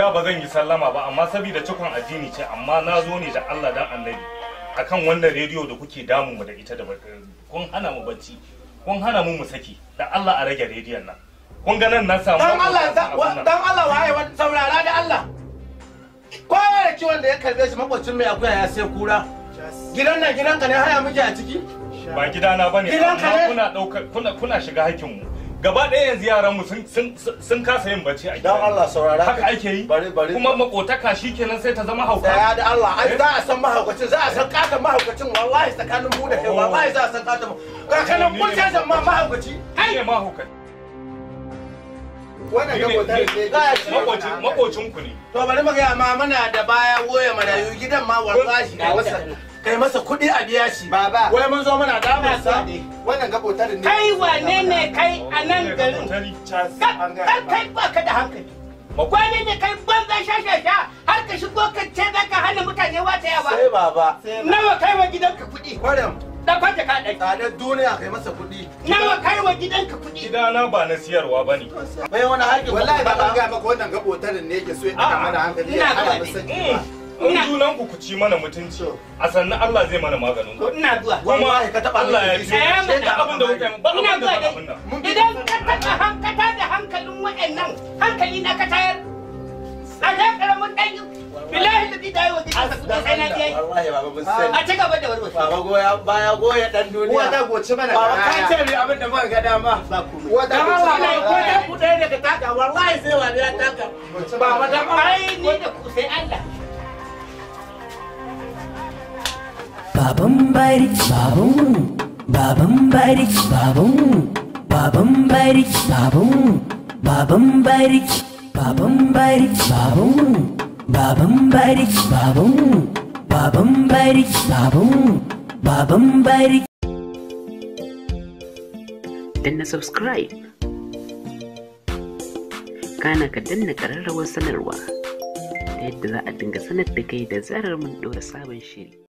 da ba zan yi sallama ba amma saboda cikon addini ce amma na zo ne da Allah dan annabi akan wannan rediyo da kuke damu mu da ita da kun hana mu bacci kun hana mu mu saki da Allah a rage rediyon nan kun ga nan na samu dan Allah dan Allah waye wa saurara da Allah ko da kiwon da ya karbe shi makwacin mai akuya ya sai kura gidan nan ka ne haya muke a ciki ba gidana bane kuna dauka kuna kuna shiga hakkin mu gaba ɗaya yanzu yaran mu sun kasa yin bacci a gidan Allah saurara haka ake yi kuma makotaka shikenan sai ta zama hauka ya da Allah ai eh? za a san mahaukacin za a san kaka mahaukacin wallahi tsakanin mu da kai oh. wallahi za a san kata kakanin kun sai zama mahaukaci ai mahaukaci wannan makocin makocin ku ne to bari mu ga ma muna da baya goye marayu gidan ma wallahi ga wasa kai masa kuɗi a biya shi baba wai mun zo muna damar sa wannan gabotar ne kai wane ne garin kai baka da hankali Wani ne kai banza shashasha har ka shigo ka ce za ka hana mutane wata yawa. Sai baba. Nawa kai wa gidanka kuɗi. Kwaram. Da kwanta ka ɗai. Tsadar duniya kai masa kuɗi. Nawa kai wa gidanka kuɗi. Gidana ba na siyarwa ba ne. Bai wani harkin. Wallahi ba ban maka wannan gaɓotarin ne yake so ya ɗaga mana hankali. ya Ina ga eh. ba. in junan ku ci mana mutunci a sannan Allah zai mana maganin ku ina zuwa kuma ka taba Allah ya ce ka eh, abin da kuka ba ina zuwa idan ka taba hankata da hankalin waɗannan hankali na ka tayar a da karamin dan bilahi da bida yau da ka kuɗa sai na je a ci gaba da warware baba goya baya goya dan duniya wata goce mana baba ka ce ni abin da ban ga dama wata goce mana ko da ku ɗaya daga taka wallahi sai wani ya taka baba da ai ni da ku sai Allah baban bariki babum baban bariki babum baban bariki babum baban bariki baban bariki babum baban bariki babum baban bariki babum baban bariki danna subscribe kana ka danna ƙararrawar sanarwa ta yadda za a dinga sanar da kai da zarar mun ɗora sabon shiri